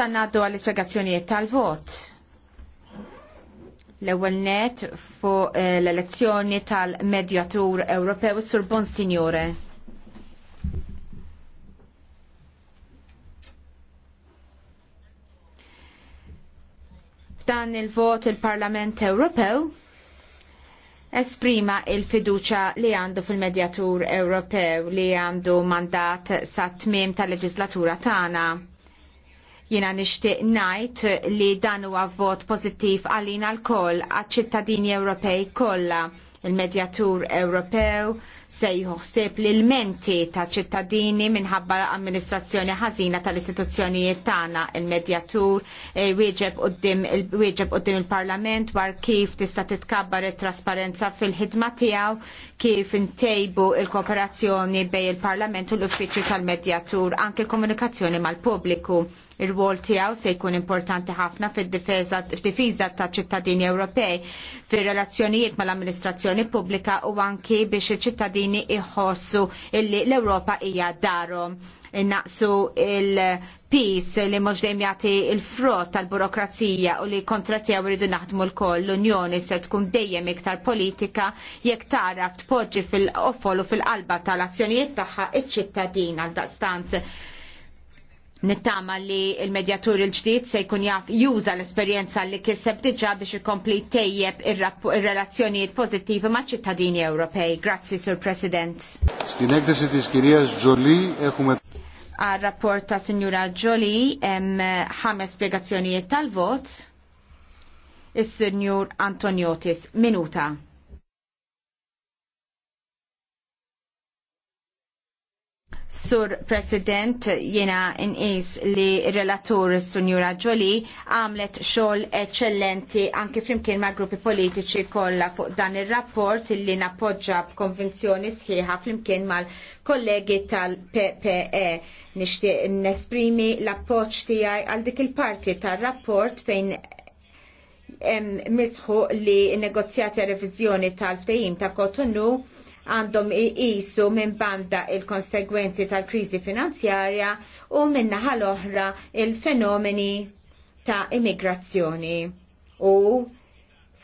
Issa naddu għall-ispiegazzjonijiet tal-vot. L-ewwel net fuq eh, l-elezzjoni tal-Medjatur Ewropew sur Bonsignore. Dan il-vot il-Parlament Ewropew esprima il-fiduċa li għandu fil-Medjatur Ewropew li għandu mandat sa' tmiem tal-leġislatura tagħna Jiena nixtieq ngħid li dan huwa vot pożittiv għalina l-koll għaċ-ċittadini Ewropej kollha Il-Medjatur Ewropew se jħuħsib l-menti ta' ċittadini minħabba amministrazzjoni ħażina tal-istituzzjonijiet tagħna. Il-Medjatur eh, wieġeb qudiem il-Parlament dwar kif tista' titkabbar it-trasparenza fil-ħidma tiegħu kif intejbu il-kooperazzjoni bejn il-Parlament u l-Uffiċċju tal-Medjatur anke l-komunikazzjoni mal-pubbliku ir wol tiegħu se jkun importanti ħafna fid-difiża ta' ċittadini Ewropej fir-relazzjonijiet mal-amministrazzjoni l istituzzjoni pubblika u anki biex iċ-ċittadini iħossu illi l-Ewropa hija darhom naqsu il-pis li mhux dejjem jagħti l frott tal-burokrazija u li kontratjew iridu naħdmu lkoll l-Unjoni se tkun dejjem iktar politika jekk taraf tpoġġi fil-qofol u fil-qalba tal-azzjonijiet tagħha iċ-ċittadin għal daqstant Nittama li il-medjatur il-ġdid se jkun jaf juża l-esperjenza li kiseb diġa biex ikompli tejjeb ir-relazzjonijiet pozittivi ma' ċittadini Ewropej. Grazzi, Sur President. Stinek ġoli Għal rapport ta' Signora Ġoli hemm ħames spjegazzjonijiet tal-vot. Is-Sinjur Antoniotis, minuta. Sur President, jena inqis li relatur Sunjura Ġoli għamlet xogħol eċċellenti anke flimkien ma' gruppi politiċi kollha fuq dan ir-rapport li nappoġġa b'konvinzjoni sħiħa flimkien mal-kollegi tal-PPE. Nixtieq nesprimi l-appoġġ tiegħi għal dik il-parti tar-rapport fejn misħu li n negozjati revizjoni tal-ftehim ta' Kotonu għandhom iqisu minn banda il-konsegwenzi tal-kriżi finanzjarja u minnaħa l-oħra il-fenomeni ta' immigrazzjoni u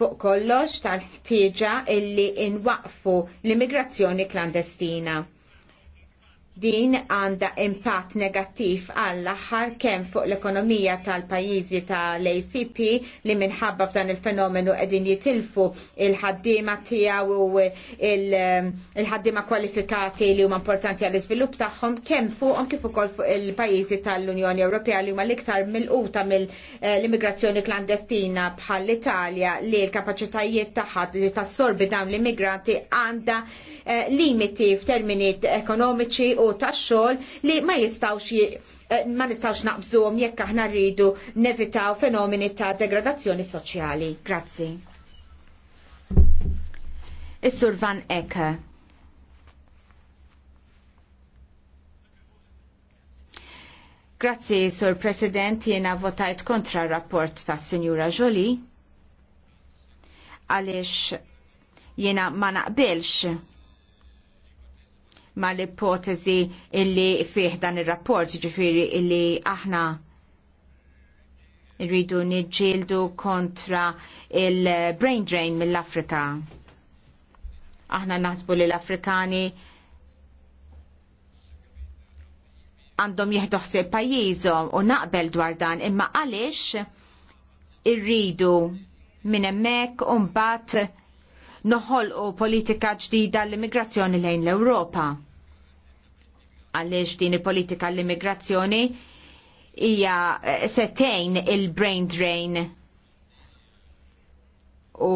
fuq kollox tal-ħtieġa illi inwaqfu l-immigrazzjoni klandestina din għanda impatt negattiv għall aħħar kemm fuq l-ekonomija tal-pajjiżi tal-ACP li minħabba f'dan il-fenomenu qegħdin jitilfu il-ħaddiema tiegħu u um, il-ħaddiema kwalifikati li huma importanti għall iżvilupp tagħhom kemm fuqhom kif ukoll fuq il-pajjiżi tal-Unjoni Ewropea li huma l-iktar milquta mill-immigrazzjoni eh, klandestina bħal l-Italja li l-kapaċitajiet tagħha li tassorbi dawn l-immigranti għandha eh, limiti f'termini ekonomiċi u u tax-xogħol li ma jistgħux eh, ma nistgħux naqbżuhom jekk aħna rridu nevitaw fenomeni ta' degradazzjoni soċjali. Grazzi. Is-Sur Van Eke. Grazzi, Sur President, jiena votajt kontra rapport ta' Sinjura Joli għaliex jiena ma naqbilx ma l-ipotezi illi fih dan il-rapport, ġifiri illi aħna rridu nġildu kontra il-brain drain mill-Afrika. Aħna naħsbu li l-Afrikani għandhom jihdoħsib pajjiżhom u naqbel dwar dan imma għaliex irridu minn hemmhekk bat mbagħad noħolqu politika ġdida l-immigrazzjoni lejn l-Ewropa għaliex din il-politika l-immigrazzjoni hija eh, setejn il-brain drain u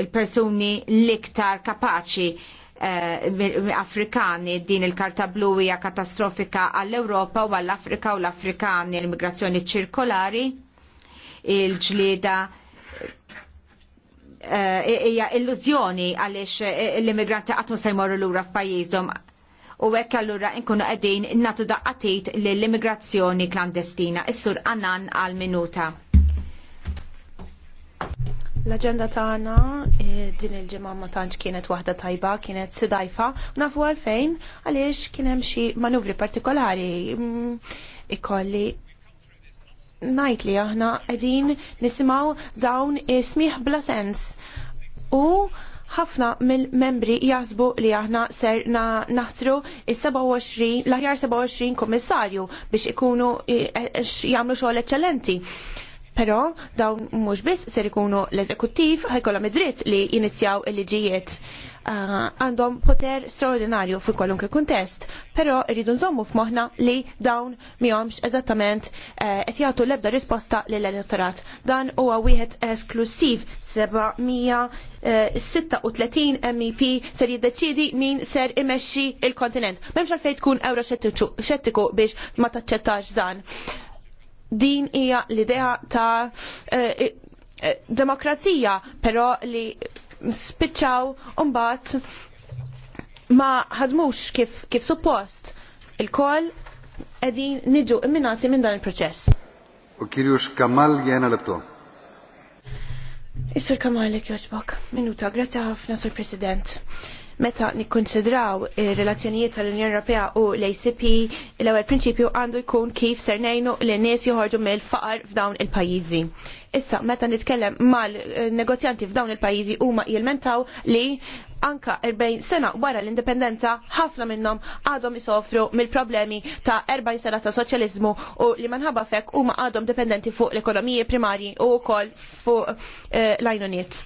il-persuni l-iktar kapaċi uh, Afrikani din il-karta blu hija katastrofika għall-Ewropa u għall-Afrika u l-Afrikani l-immigrazzjoni ċirkolari il-ġlieda eh, hija uh, illużjoni għaliex l-immigranti qatt ma se jmorru lura f'pajjiżhom u hekk allura nkunu qegħdin nagħtu daqqatit lill-immigrazzjoni klandestina. Is-sur Annan għal minuta. L-agenda tagħna eh, din il-ġimgħa ma tantx kienet waħda tajba, kienet sudajfa, u nafu għalfejn għaliex kien hemm xi manuvri partikolari mm, ikolli najt li aħna qegħdin nisimgħu dawn is-smieħ bla sens. U ħafna mill-membri jasbu li aħna ser naħtru il-27, l-aħjar 27 komissarju biex ikunu eh, eh, jagħmlu xogħol eċċellenti. Però dawn mhux biss ser ikunu l-eżekuttiv ħajkollhom id-dritt li jinizjaw il-liġijiet ah, għandhom uh, poter straordinarju fuq kwalunkwe kuntest, però rridu nżommu f'moħħna li dawn mihomx eżattament eh, qed uh, jagħtu l-ebda risposta lill elettorat Dan huwa wieħed esklusiv 736 eh, MEP ser jiddeċidi min ser imexxi il-kontinent. M'hemmx għalfejn tkun euroxettiku biex ma taċċettax dan din hija l-idea ta' uh, demokrazija, pero li spiċċaw mbagħad ma ħadmux kif, kif suppost il-koll edin niġu imminati minn dan il-proċess. U kirjux Kamal jena lebto. Is-Sur Kamal li kjoċbok, Minuta, grazie ħafna, Sur President. Meta nikkonsidraw ir-relazzjonijiet tal-Unjoni Ewropea u l-ACP, l-ewwel prinċipju għandu jkun kif ser ngħinu li nies joħorġu mill-faqar f'dawn il-pajjiżi. Issa meta nitkellem mal-negozjanti f'dawn il-pajjiżi huma jilmentaw li anka 40 sena wara l-indipendenza ħafna minnhom għadhom isofru mill-problemi ta' 40 sena ta' soċjaliżmu u li manħabba fek huma għadhom dipendenti fuq l-ekonomiji primarji u wkoll fuq eh, l-għajnuniet.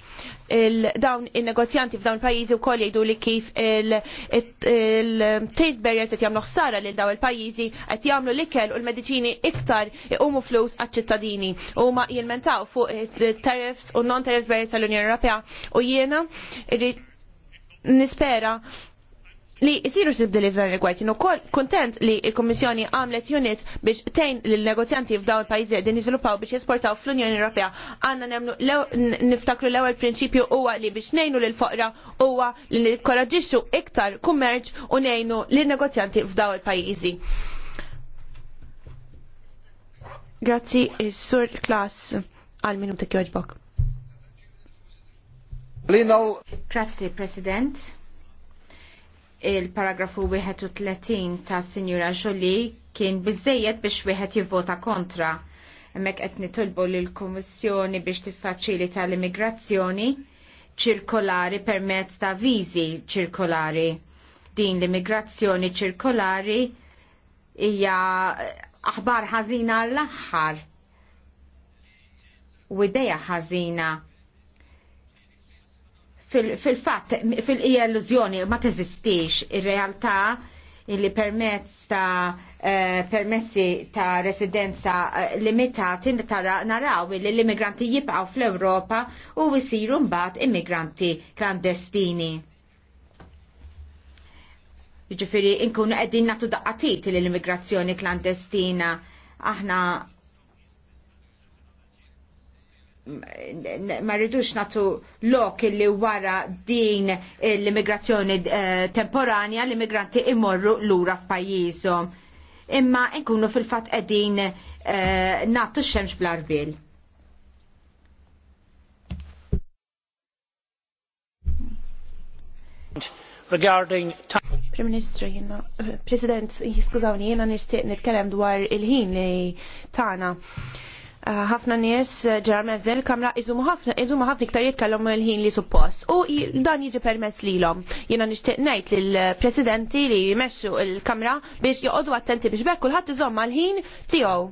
Dawn in-negozjanti f'dawn il-pajjiżi wkoll jgħidu li kif il-trade barriers qed jagħmlu ħsara lil dawn il-pajjiżi qed jagħmlu l-ikel u l-mediċini iktar iqumu flus għaċ-ċittadini huma jilmentaw fuq tariffs u non-tariffs barriers tal-Unjoni Ewropea u jiena nispera li jisiru s f'dan il-gwajt. Jino kontent li il-Kommissjoni għamlet unit biex tejn l-negozjanti f'daw il-pajzi din jizviluppaw biex jesportaw fl-Unjoni Ewropea. Għanna nemlu niftaklu l ewwel prinċipju huwa li biex nejnu l-foqra huwa li nikoraġiċu iktar kummerċ u nejnu l-negozjanti f'daw il-pajjiżi. Grazzi, Sur Klas, għal minuti kjoġbok. Grazzi, President. Il-paragrafu 31 ta' Sinjura Jolie kien biżejjed biex wieħed jivvota kontra. Hemmhekk qed nitolbu lill-Kummissjoni biex tiffaċilita l-immigrazzjoni ċirkolari permezz ta' viżi ċirkolari. Din l-immigrazzjoni ċirkolari hija aħbar ħażina l-aħħar. U ideja ħażina fil-fatt, fil ija illużjoni ma teżistix ir-realtà illi permezz ta' eh, permessi ta' residenza eh, limitati naraw li l-immigranti jibqaw fl-Europa u jisiru mbagħad immigranti klandestini. Jiġifieri nkunu qegħdin nagħtu daqqatit l-immigrazzjoni klandestina aħna ma rridux natu lok li wara din l-immigrazzjoni eh, temporanja l-immigranti imorru lura f'pajjiżhom. Imma nkunu fil-fatt qegħdin eh, natu x-xemx bl-arbil. regarding Prim Ministru, jina, President, jiskużawni, eh, jina nishtiq nitkellem dwar il-ħin li tana ħafna nies eh, ġermen din il-kamra iżumu ħafna iktar jitkellmu il-ħin li suppost. U dan jiġi permess lilhom. Jiena nixtieq ngħid lill-presidenti li jmexxu il-kamra biex joqogħdu attenti biex bekk kulħadd iżomm mal-ħin tiegħu.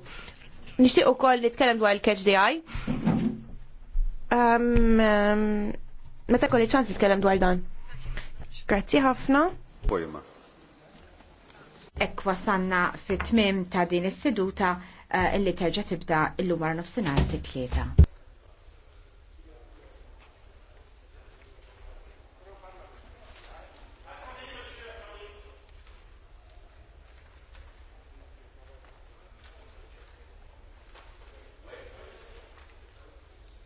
Nixtieq ukoll li tkellem dwar il-catch DI. eye. Ehm, ehm, meta kolli ċans nitkellem dwar dan. Grazzi ħafna. Ekwa sanna fit-tmim ta' din is-seduta Eh, illi terġa' tibda illum wara nofsinhar fit-tlieta.